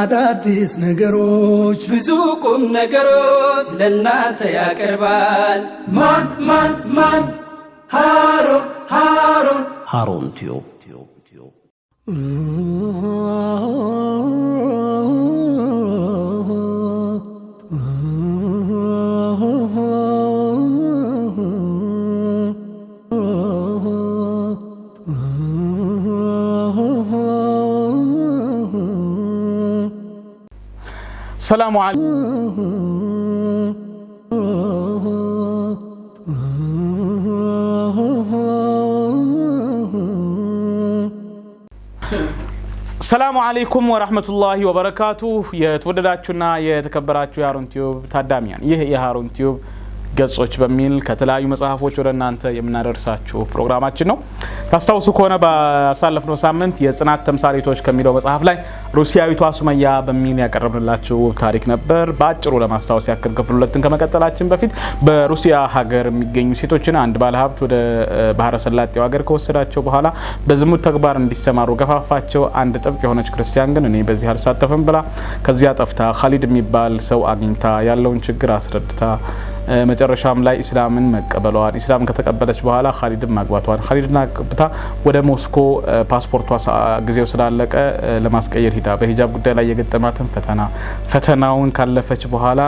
አዳዲስ ነገሮች ብዙ ቁም ነገሮች ለእናንተ ያቀርባል። ማን ማን ማን ሃሮን ። ሃሩን ሃሩን ቲዩብ ሰላሙ ሰላሙ አለይኩም ወራህመቱላሂ ወበረካቱ። የተወደዳችሁና የተከበራችሁ የሀሩን ቲዩብ ታዳሚያን ይህ የሀሩን ቲዩብ ገጾች በሚል ከተለያዩ መጽሐፎች ወደ እናንተ የምናደርሳችሁ ፕሮግራማችን ነው። ታስታውሱ ከሆነ ባሳለፍነው ሳምንት የጽናት ተምሳሌቶች ከሚለው መጽሐፍ ላይ ሩሲያዊቷ ሱመያ በሚል ያቀረብንላችሁ ውብ ታሪክ ነበር። በአጭሩ ለማስታወስ ያክል ክፍል ሁለትን ከመቀጠላችን በፊት በሩሲያ ሀገር የሚገኙ ሴቶችን አንድ ባለሀብት ወደ ባህረ ሰላጤው ሀገር ከወሰዳቸው በኋላ በዝሙት ተግባር እንዲሰማሩ ገፋፋቸው። አንድ ጥብቅ የሆነች ክርስቲያን ግን እኔ በዚህ አልሳተፍም ብላ ከዚያ ጠፍታ ካሊድ የሚባል ሰው አግኝታ ያለውን ችግር አስረድታ መጨረሻም ላይ ኢስላምን መቀበሏን ኢስላም ከተቀበለች በኋላ ካሊድን ማግባቷን ካሊድን አግብታ ወደ ሞስኮ ፓስፖርቷ ጊዜው ስላለቀ ለማስቀየር ሂዳ በሂጃብ ጉዳይ ላይ የገጠማትን ፈተና ፈተናውን ካለፈች በኋላ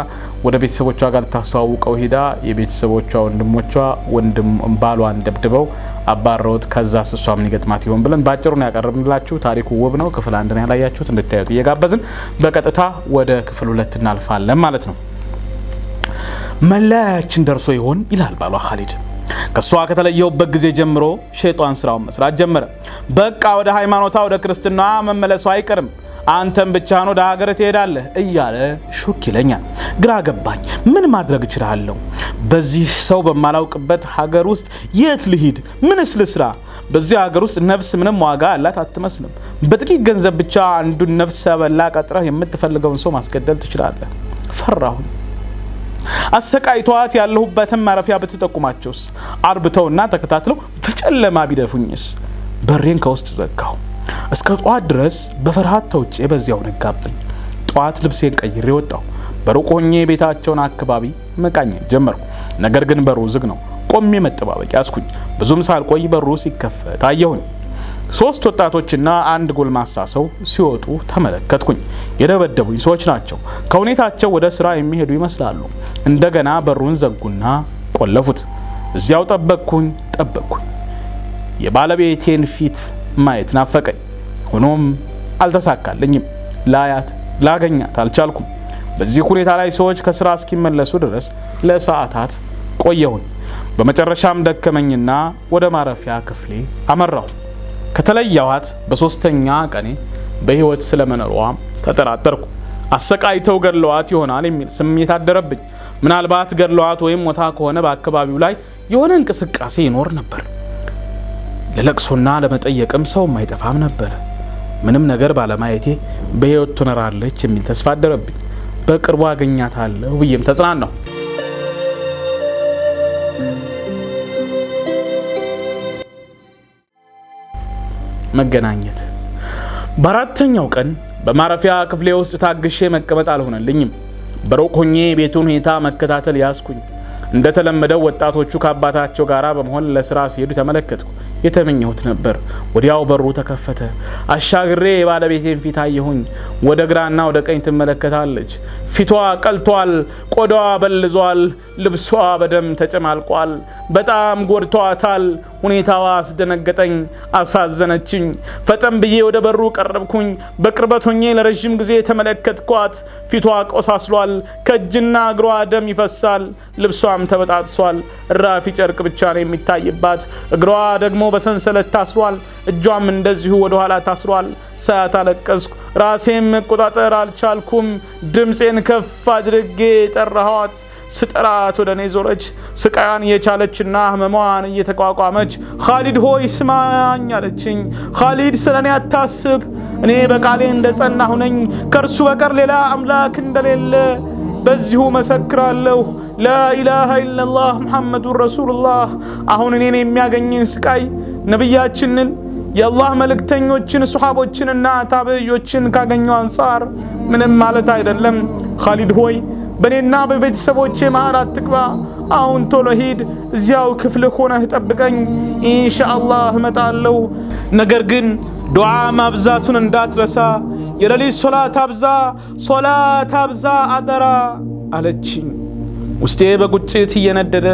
ወደ ቤተሰቦቿ ጋር ልታስተዋውቀው ሂዳ የቤተሰቦቿ ወንድሞቿ ወንድም ባሏን ደብድበው አባረውት ከዛ ስሷም ይገጥማት ይሆን ብለን በአጭሩ ነው ያቀረብንላችሁ። ታሪኩ ውብ ነው። ክፍል አንድ ነው ያላያችሁት እንድታዩት እየጋበዝን በቀጥታ ወደ ክፍል ሁለት እናልፋለን ማለት ነው። መለያያችን ደርሶ ይሆን ይላል ባሏ ኻሊድ። ከእሷ ከተለየውበት ጊዜ ጀምሮ ሸይጣን ስራውን መስራት ጀመረ። በቃ ወደ ሃይማኖቷ ወደ ክርስትና መመለሱ አይቀርም አንተም ብቻህን ወደ ሀገር ትሄዳለህ እያለ ሹክ ይለኛል። ግራ ገባኝ። ምን ማድረግ እችላለሁ? በዚህ ሰው በማላውቅበት ሀገር ውስጥ የት ልሂድ? ምንስ ልስራ? በዚህ ሀገር ውስጥ ነፍስ ምንም ዋጋ አላት አትመስልም። በጥቂት ገንዘብ ብቻ አንዱን ነፍሰ በላ ቀጥረህ የምትፈልገውን ሰው ማስገደል ትችላለህ። ፈራሁን አሰቃይተዋት ያለሁበትን ማረፊያ ብትጠቁማቸውስ? አርብተውና ተከታትለው በጨለማ ቢደፉኝስ? በሬን ከውስጥ ዘጋሁ። እስከ ጠዋት ድረስ በፍርሃት ተውጬ በዚያው ነጋብኝ። ጠዋት ልብሴን ቀይሬ ወጣሁ። በሩቅ ሆኜ ቤታቸውን አካባቢ መቃኝ ጀመርኩ። ነገር ግን በሩ ዝግ ነው። ቆሜ መጠባበቂያ ያስኩኝ። ብዙም ሳልቆይ በሩ ሲከፈት አየሁኝ። ሶስት ወጣቶችና አንድ ጎልማሳ ሰው ሲወጡ ተመለከትኩኝ። የደበደቡኝ ሰዎች ናቸው። ከሁኔታቸው ወደ ስራ የሚሄዱ ይመስላሉ። እንደገና በሩን ዘጉና ቆለፉት። እዚያው ጠበቅኩኝ ጠበቅኩኝ። የባለቤቴን ፊት ማየት ናፈቀኝ። ሆኖም አልተሳካልኝም። ላያት ላገኛት አልቻልኩም። በዚህ ሁኔታ ላይ ሰዎች ከስራ እስኪመለሱ ድረስ ለሰዓታት ቆየሁኝ። በመጨረሻም ደከመኝና ወደ ማረፊያ ክፍሌ አመራሁ። ከተለያዋት በሶስተኛ ቀኔ በህይወት ስለመኖሯ ተጠራጠርኩ። አሰቃይተው ገድለዋት ይሆናል የሚል ስሜት አደረብኝ። ምናልባት ገድለዋት ወይም ሞታ ከሆነ በአካባቢው ላይ የሆነ እንቅስቃሴ ይኖር ነበር። ለለቅሶና ለመጠየቅም ሰው የማይጠፋም ነበረ። ምንም ነገር ባለማየቴ በህይወት ትኖራለች የሚል ተስፋ አደረብኝ። በቅርቡ አገኛታለሁ ብዬም ተጽናናሁ። መገናኘት። በአራተኛው ቀን በማረፊያ ክፍሌ ውስጥ ታግሼ መቀመጥ አልሆነልኝም። በሩቅ ሆኜ የቤቱን ሁኔታ መከታተል ያስኩኝ። እንደተለመደው ወጣቶቹ ከአባታቸው ጋር በመሆን ለስራ ሲሄዱ ተመለከትኩ። የተመኘሁት ነበር። ወዲያው በሩ ተከፈተ። አሻግሬ የባለቤቴን ፊት አየሁኝ። ወደ ግራና ወደ ቀኝ ትመለከታለች። ፊቷ ቀልቷል፣ ቆዳዋ በልዟል፣ ልብሷ በደም ተጨማልቋል። በጣም ጎድቷታል። ሁኔታዋ አስደነገጠኝ፣ አሳዘነችኝ። ፈጠን ብዬ ወደ በሩ ቀረብኩኝ። በቅርበት ሆኜ ለረዥም ጊዜ ተመለከትኳት። ፊቷ ቆሳስሏል። ከእጅና እግሯ ደም ይፈሳል። ልብሷም ተበጣጥሷል። እራፊ ጨርቅ ብቻ ነው የሚታይባት። እግሯ ደግሞ በሰንሰለት ታስሯል። እጇም እንደዚሁ ወደ ኋላ ታስሯል። ሳያት አለቀስኩ። ራሴም መቆጣጠር አልቻልኩም። ድምፄን ከፍ አድርጌ ጠራኋት። ስጠራት ወደ እኔ ዞረች። ስቃያን እየቻለችና ህመሟን እየተቋቋመች ኻሊድ ሆይ ስማኝ አለችኝ። ኻሊድ ስለ እኔ አታስብ፣ እኔ በቃሌ እንደ ጸናሁ ነኝ። ከእርሱ በቀር ሌላ አምላክ እንደሌለ በዚሁ መሰክራለሁ። ላኢላሃ ኢለላህ ሙሐመዱን ረሱሉላህ። አሁን እኔን የሚያገኝን ስቃይ ነቢያችንን የአላህ መልእክተኞችን ሱሓቦችንና ታብዮችን ካገኘው አንጻር ምንም ማለት አይደለም። ኻሊድ ሆይ በእኔና በቤተሰቦቼ መሃል አትግባ። አሁን ቶሎ ሂድ፣ እዚያው ክፍል ሆነህ ጠብቀኝ። ኢንሻአላህ እመጣለሁ። ነገር ግን ዱዓ ማብዛቱን እንዳትረሳ። የሌሊት ሶላት አብዛ፣ ሶላት አብዛ አደራ አለችኝ። ውስጤ በቁጭት እየነደደ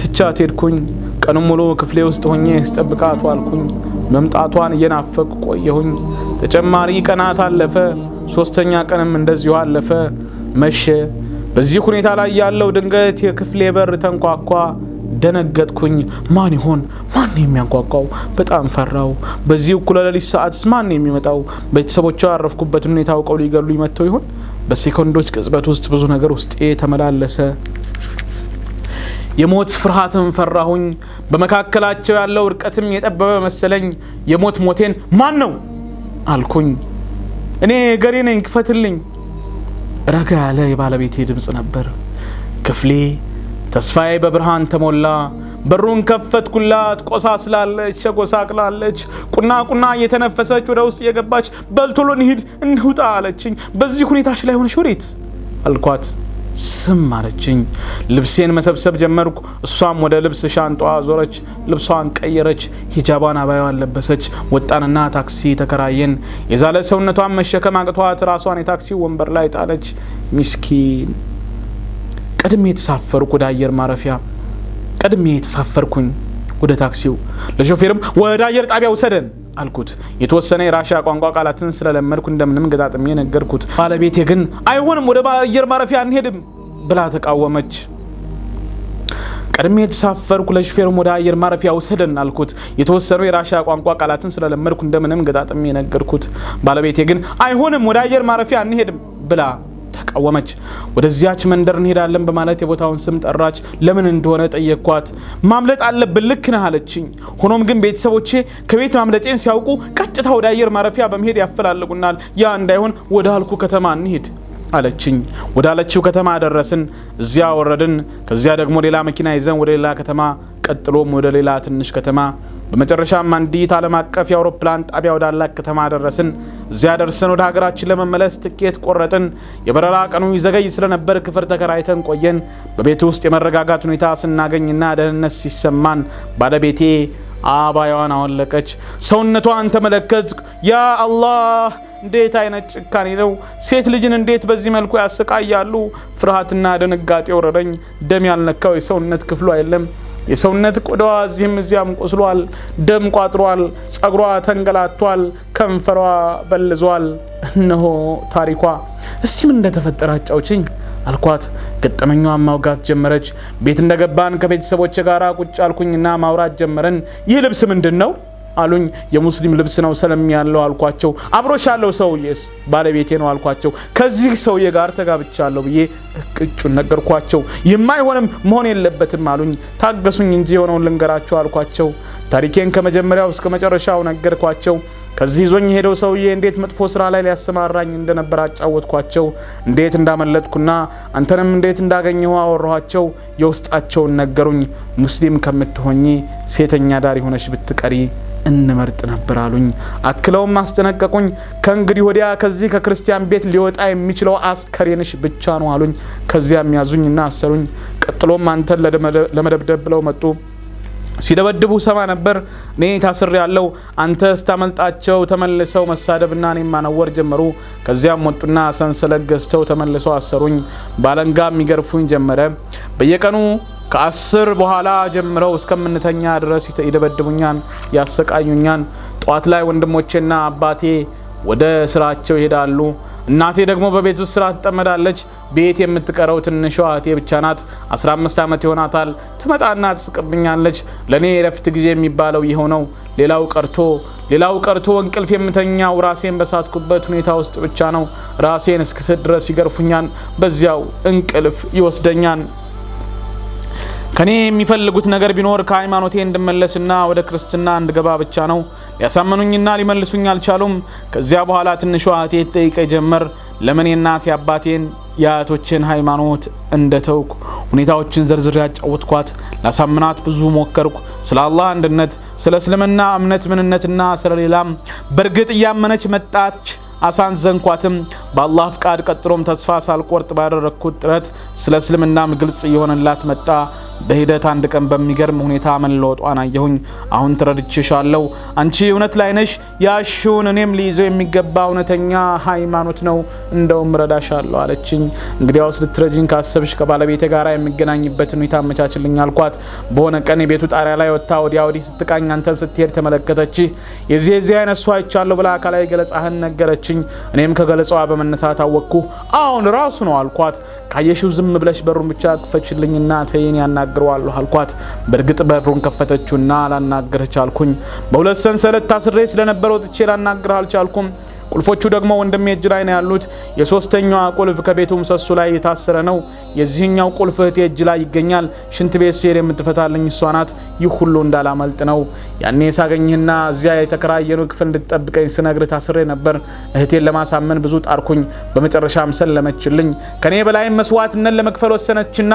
ትቻት ሄድኩኝ። ቀኑን ሙሉ ክፍሌ ውስጥ ሆኜ ስጠብቃት ዋልኩኝ። መምጣቷን እየናፈቅ ቆየሁኝ። ተጨማሪ ቀናት አለፈ። ሶስተኛ ቀንም እንደዚሁ አለፈ። መሸ። በዚህ ሁኔታ ላይ ያለው ድንገት የክፍሌ በር ተንኳኳ። ደነገጥኩኝ። ማን ይሆን? ማን የሚያንኳኳው? በጣም ፈራው። በዚህ እኩለ ሌሊት ሰዓትስ ማን የሚመጣው? ቤተሰቦቿ ያረፍኩበትን ሁኔታ አውቀው ሊገሉ ይመጥተው ይሆን? በሴኮንዶች ቅጽበት ውስጥ ብዙ ነገር ውስጤ ተመላለሰ። የሞት ፍርሃትም ፈራሁኝ። በመካከላቸው ያለው እርቀትም የጠበበ መሰለኝ። የሞት ሞቴን ማን ነው አልኩኝ። እኔ ገሬ ነኝ፣ ክፈትልኝ ረጋ ያለ የባለቤቴ ድምፅ ነበር። ክፍሌ ተስፋዬ በብርሃን ተሞላ። በሩን ከፈትኩላት። ቆሳስላለች፣ ተጎሳቅላለች። ቁና ቁና እየተነፈሰች ወደ ውስጥ እየገባች በልቶሎን ሂድ እንውጣ አለችኝ። በዚህ ሁኔታች ላይ ሆነሽ ወዴት አልኳት። ስም አለችኝ። ልብሴን መሰብሰብ ጀመርኩ። እሷም ወደ ልብስ ሻንጧ ዞረች፣ ልብሷን ቀየረች፣ ሂጃቧን አባያዋን ለበሰች። ወጣንና ታክሲ ተከራየን። የዛለ ሰውነቷን መሸከም አቅቷት ራሷን የታክሲ ወንበር ላይ ጣለች። ሚስኪን። ቀድሜ የተሳፈርኩ ወደ አየር ማረፊያ፣ ቀድሜ የተሳፈርኩኝ ወደ ታክሲው። ለሾፌርም ወደ አየር ጣቢያ ውሰደን አልኩት። የተወሰነ የራሻ ቋንቋ ቃላትን ስለለመድኩ እንደምንም ገጣጥሜ ነገርኩት። ባለቤቴ ግን አይሆንም፣ ወደ አየር ማረፊያ አንሄድም ብላ ተቃወመች። ቀድሜ የተሳፈርኩ ለሹፌሩም ወደ አየር ማረፊያ ውሰደን አልኩት። የተወሰኑ የራሻ ቋንቋ ቃላትን ስለለመድኩ እንደምንም ገጣጥሜ ነገርኩት። ባለቤቴ ግን አይሆንም፣ ወደ አየር ማረፊያ አንሄድም ብላ ተቃወመች። ወደዚያች መንደር እንሄዳለን በማለት የቦታውን ስም ጠራች። ለምን እንደሆነ ጠየቅኳት። ማምለጥ አለብን ልክ ነህ አለችኝ። ሆኖም ግን ቤተሰቦቼ ከቤት ማምለጤን ሲያውቁ ቀጥታ ወደ አየር ማረፊያ በመሄድ ያፈላልጉናል። ያ እንዳይሆን ወደ አልኩ ከተማ እንሂድ አለችኝ። ወዳለችው ከተማ ደረስን። እዚያ ወረድን። ከዚያ ደግሞ ሌላ መኪና ይዘን ወደ ሌላ ከተማ፣ ቀጥሎም ወደ ሌላ ትንሽ ከተማ፣ በመጨረሻም አንዲት ዓለም አቀፍ የአውሮፕላን ጣቢያ ወዳላት ከተማ ደረስን። እዚያ ደርሰን ወደ ሀገራችን ለመመለስ ትኬት ቆረጥን። የበረራ ቀኑ ይዘገይ ስለነበር ክፍል ተከራይተን ቆየን። በቤት ውስጥ የመረጋጋት ሁኔታ ስናገኝና ደህንነት ሲሰማን ባለቤቴ አባያዋን አወለቀች። ሰውነቷን ተመለከት ያ አላህ እንዴት አይነት ጭካኔ ነው! ሴት ልጅን እንዴት በዚህ መልኩ ያሰቃያሉ! ፍርሃትና ድንጋጤ ወረረኝ። ደም ያልነካው የሰውነት ክፍሏ የለም። የሰውነት ቆዳዋ እዚህም እዚያም ቆስሏል፣ ደም ቋጥሯል፣ ጸጉሯ ተንገላቷል፣ ከንፈሯ በልዟል። እነሆ ታሪኳ። እስቲ ምን እንደተፈጠረ አጫውችኝ አልኳት። ገጠመኛዋን ማውጋት ጀመረች። ቤት እንደገባን ከቤተሰቦች ጋር ቁጭ አልኩኝና ማውራት ጀመረን። ይህ ልብስ ምንድን ነው አሉኝ። የሙስሊም ልብስ ነው ሰለም ያለው አልኳቸው። አብሮሽ ያለው ሰውዬስ ባለቤቴ ነው አልኳቸው። ከዚህ ሰውዬ ጋር ተጋብቻለሁ ብዬ እቅጩን ነገርኳቸው። የማይሆንም መሆን የለበትም አሉኝ። ታገሱኝ እንጂ የሆነውን ልንገራቸው አልኳቸው። ታሪኬን ከመጀመሪያው እስከ መጨረሻው ነገርኳቸው። ከዚህ ይዞኝ የሄደው ሰውዬ እንዴት መጥፎ ስራ ላይ ሊያሰማራኝ እንደነበር አጫወትኳቸው። እንዴት እንዳመለጥኩና አንተንም እንዴት እንዳገኘሁ አወራኋቸው። የውስጣቸውን ነገሩኝ። ሙስሊም ከምትሆኚ ሴተኛ ዳር የሆነች ብትቀሪ እንመርጥ ነበር አሉኝ። አክለውም አስጠነቀቁኝ። ከእንግዲህ ወዲያ ከዚህ ከክርስቲያን ቤት ሊወጣ የሚችለው አስከሬንሽ ብቻ ነው አሉኝ። ከዚያም ያዙኝና አሰሩኝ። ቀጥሎም አንተን ለመደብደብ ብለው መጡ። ሲደበድቡ ሰማ ነበር። እኔ ታስር ያለው አንተ ስታመልጣቸው ተመልሰው መሳደብና እኔ ማነወር ጀመሩ። ከዚያም ወጡና ሰንሰለት ገዝተው ተመልሰው አሰሩኝ። ባለንጋ የሚገርፉኝ ጀመረ። በየቀኑ ከአስር በኋላ ጀምረው እስከምንተኛ ድረስ ይደበድቡኛን፣ ያሰቃዩኛን። ጠዋት ላይ ወንድሞቼና አባቴ ወደ ስራቸው ይሄዳሉ። እናቴ ደግሞ በቤት ውስጥ ስራ ትጠመዳለች። ቤት የምትቀረው ትንሿ እህቴ ብቻ ናት። 15 ዓመት ይሆናታል። ትመጣና ትስቅብኛለች። ለእኔ የረፍት ጊዜ የሚባለው የሆነው ሌላው ቀርቶ ሌላው ቀርቶ እንቅልፍ የምተኛው ራሴን በሳትኩበት ሁኔታ ውስጥ ብቻ ነው። ራሴን እስክስት ድረስ ይገርፉኛል፣ በዚያው እንቅልፍ ይወስደኛል። ከኔ የሚፈልጉት ነገር ቢኖር ከሃይማኖቴ እንድመለስና ወደ ክርስትና እንድገባ ብቻ ነው። ሊያሳመኑኝና ሊመልሱኝ አልቻሉም። ከዚያ በኋላ ትንሿ እህቴ ጠይቀ ጀመር ለምን የእናት የአባቴን የአያቶችን ሃይማኖት እንደተውኩ ሁኔታዎችን ዘርዝር ያጫወትኳት። ላሳምናት ብዙ ሞከርኩ። ስለ አላህ አንድነት፣ ስለ እስልምና እምነት ምንነትና ስለሌላም በእርግጥ እያመነች መጣች። አሳንዘንኳትም በአላህ ፍቃድ ቀጥሎም ተስፋ ሳልቆርጥ ባደረግኩት ጥረት ስለ እስልምናም ግልጽ እየሆነላት መጣ። በሂደት አንድ ቀን በሚገርም ሁኔታ መለወጧን አየሁኝ። አሁን ትረድችሻለሁ። አንቺ እውነት ላይነሽ ያሽውን እኔም ሊይዘው የሚገባ እውነተኛ ሃይማኖት ነው። እንደውም ረዳሻለሁ አለችኝ። እንግዲያውስ ልትረጅኝ ካሰብሽ ከባለቤቴ ጋር የሚገናኝበትን ሁኔታ አመቻችልኝ አልኳት። በሆነ ቀን የቤቱ ጣሪያ ላይ ወጥታ ወዲያ ወዲህ ስትቃኝ አንተን ስትሄድ ተመለከተች የዚህ የዚህ አይነት ሷ ብላ አካላዊ ገለጻህን ነገረች። አለችኝ። እኔም ከገለጻዋ በመነሳት አወቅኩ። አሁን ራሱ ነው አልኳት። ካየሽው ዝም ብለሽ በሩን ብቻ ክፈችልኝና ተይን ያናግረዋለሁ አልኳት። በእርግጥ በሩን ከፈተችውና ላናግርህ ቻልኩኝ። በሁለት ሰንሰለት ታስሬ ስለነበረ ወጥቼ ላናግርህ አልቻልኩም። ቁልፎቹ ደግሞ ወንድሜ እጅ ላይ ነው ያሉት። የሶስተኛዋ ቁልፍ ከቤቱ ምሰሶ ላይ የታሰረ ነው። የዚህኛው ቁልፍ እህቴ እጅ ላይ ይገኛል። ሽንት ቤት ስሄድ የምትፈታልኝ እሷ ናት። ይህ ሁሉ እንዳላመልጥ ነው። ያኔ ሳገኝህና እዚያ የተከራየኑ ክፍል እንድትጠብቀኝ ስነግር ታስሬ ነበር። እህቴን ለማሳመን ብዙ ጣርኩኝ። በመጨረሻም ሰለመችልኝ። ከኔ በላይም መስዋዕትነት ለመክፈል ወሰነችና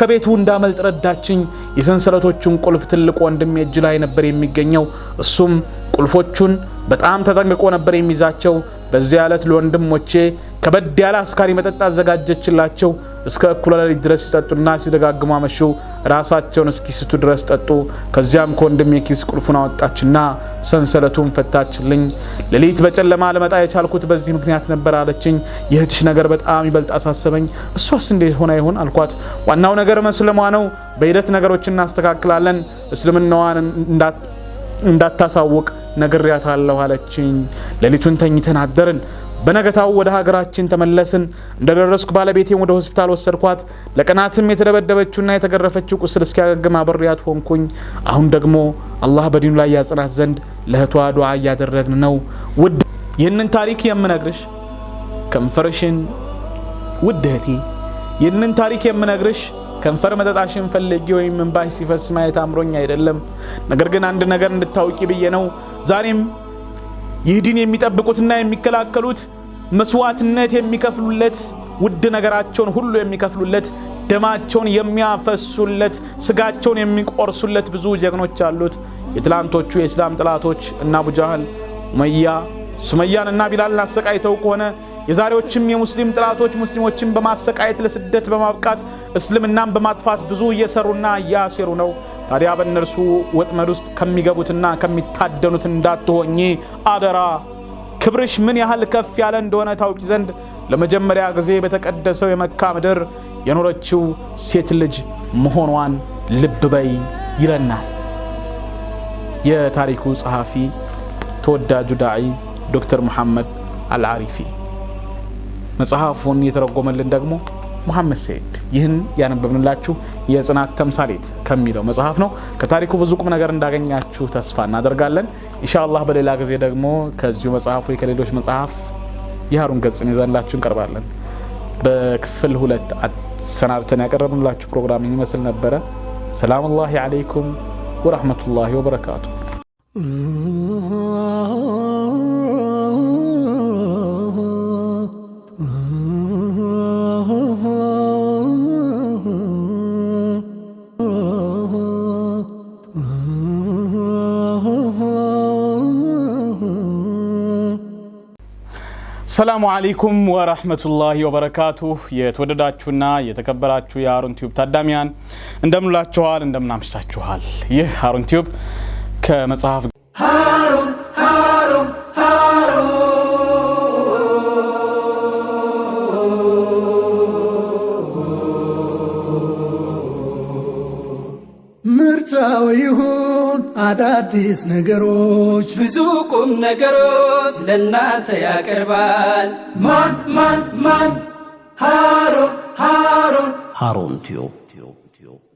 ከቤቱ እንዳመልጥ ረዳችኝ። የሰንሰለቶቹን ቁልፍ ትልቅ ወንድሜ እጅ ላይ ነበር የሚገኘው እሱም ቁልፎቹን በጣም ተጠንቅቆ ነበር የሚይዛቸው። በዚያ ዕለት ለወንድሞቼ ከበድ ያለ አስካሪ መጠጥ አዘጋጀችላቸው። እስከ እኩለ ሌሊት ድረስ ሲጠጡና ሲደጋግሙ አመሹ። ራሳቸውን እስኪስቱ ድረስ ጠጡ። ከዚያም ከወንድም የኪስ ቁልፉን አወጣችና ሰንሰለቱን ፈታችልኝ። ሌሊት በጨለማ ለመጣ የቻልኩት በዚህ ምክንያት ነበር አለችኝ። የእህትሽ ነገር በጣም ይበልጥ አሳሰበኝ። እሷስ እንዴት ሆና ይሆን አልኳት። ዋናው ነገር መስለሟ ነው። በሂደት ነገሮችን እናስተካክላለን። እስልምናዋን እንዳታሳውቅ ነግሬያታለሁ አለችኝ። ሌሊቱን ተኝተን አደርን። በነገታው ወደ ሀገራችን ተመለስን። እንደደረስኩ ባለቤቴን ወደ ሆስፒታል ወሰድኳት። ለቀናትም የተደበደበችውና የተገረፈችው ቁስል እስኪያገግም አብሬያት ሆንኩኝ። አሁን ደግሞ አላህ በዲኑ ላይ ያጽናት ዘንድ ለእህቷ ዱዓ እያደረግን ነው። ውድ ይህንን ታሪክ የምነግርሽ ከንፈርሽን ውድ እህቴ ይህንን ታሪክ የምነግርሽ ከንፈር መጠጣሽን ፈልጌ ወይም እንባሽ ሲፈስ ማየት አምሮኝ አይደለም። ነገር ግን አንድ ነገር እንድታውቂ ብዬ ነው። ዛሬም ይህ ዲን የሚጠብቁትና የሚከላከሉት መስዋዕትነት የሚከፍሉለት ውድ ነገራቸውን ሁሉ የሚከፍሉለት ደማቸውን የሚያፈሱለት ስጋቸውን የሚቆርሱለት ብዙ ጀግኖች አሉት። የትላንቶቹ የእስላም ጥላቶች እና አቡጃህል፣ ኡመያ፣ ሱመያን እና ቢላልን አሰቃይተው ከሆነ የዛሬዎችም የሙስሊም ጥላቶች ሙስሊሞችን በማሰቃየት ለስደት በማብቃት እስልምናን በማጥፋት ብዙ እየሰሩና እያሴሩ ነው። ታዲያ በእነርሱ ወጥመድ ውስጥ ከሚገቡትና ከሚታደኑት እንዳትሆኚ አደራ። ክብርሽ ምን ያህል ከፍ ያለ እንደሆነ ታውቂ ዘንድ ለመጀመሪያ ጊዜ በተቀደሰው የመካ ምድር የኖረችው ሴት ልጅ መሆኗን ልብ በይ ይለናል የታሪኩ ጸሐፊ ተወዳጁ ዳዒ ዶክተር መሐመድ አልዓሪፊ። መጽሐፉን የተረጎመልን ደግሞ መሐመድ ሰይድ ይህን ያነበብንላችሁ የጽናት ተምሳሌት ከሚለው መጽሐፍ ነው። ከታሪኩ ብዙ ቁም ነገር እንዳገኛችሁ ተስፋ እናደርጋለን። ኢንሻአላህ በሌላ ጊዜ ደግሞ ከዚሁ መጽሐፍ ወይ ከሌሎች መጽሐፍ የሀሩን ገጽን ይዘንላችሁ እንቀርባለን። በክፍል ሁለት አሰናድተን ያቀረብንላችሁ ፕሮግራም ይመስል ነበረ። ሰላም አለይኩም ወረህመቱላሂ ወበረካቱ። ሰላሙ አለይኩም ወራህመቱላሂ ወበረካቱ። የተወደዳችሁና የተከበራችሁ የሀሩን ቲዩብ ታዳሚያን እንደምንላችኋል፣ እንደምናምሽታችኋል። ይህ ሀሩን ቲዩብ ከመጽሐፍ አዳዲስ ነገሮች ብዙ ቁም ነገሮች ለእናንተ ያቀርባል። ማን ማን ማን ሃሩን ሃሩን ሃሩን ቲዩብ